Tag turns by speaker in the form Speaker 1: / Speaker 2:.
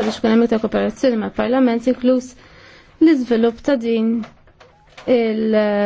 Speaker 1: biex kunem ta' kooperazzjoni mal-Parlament inkluż l-iżvilupp ta' din il-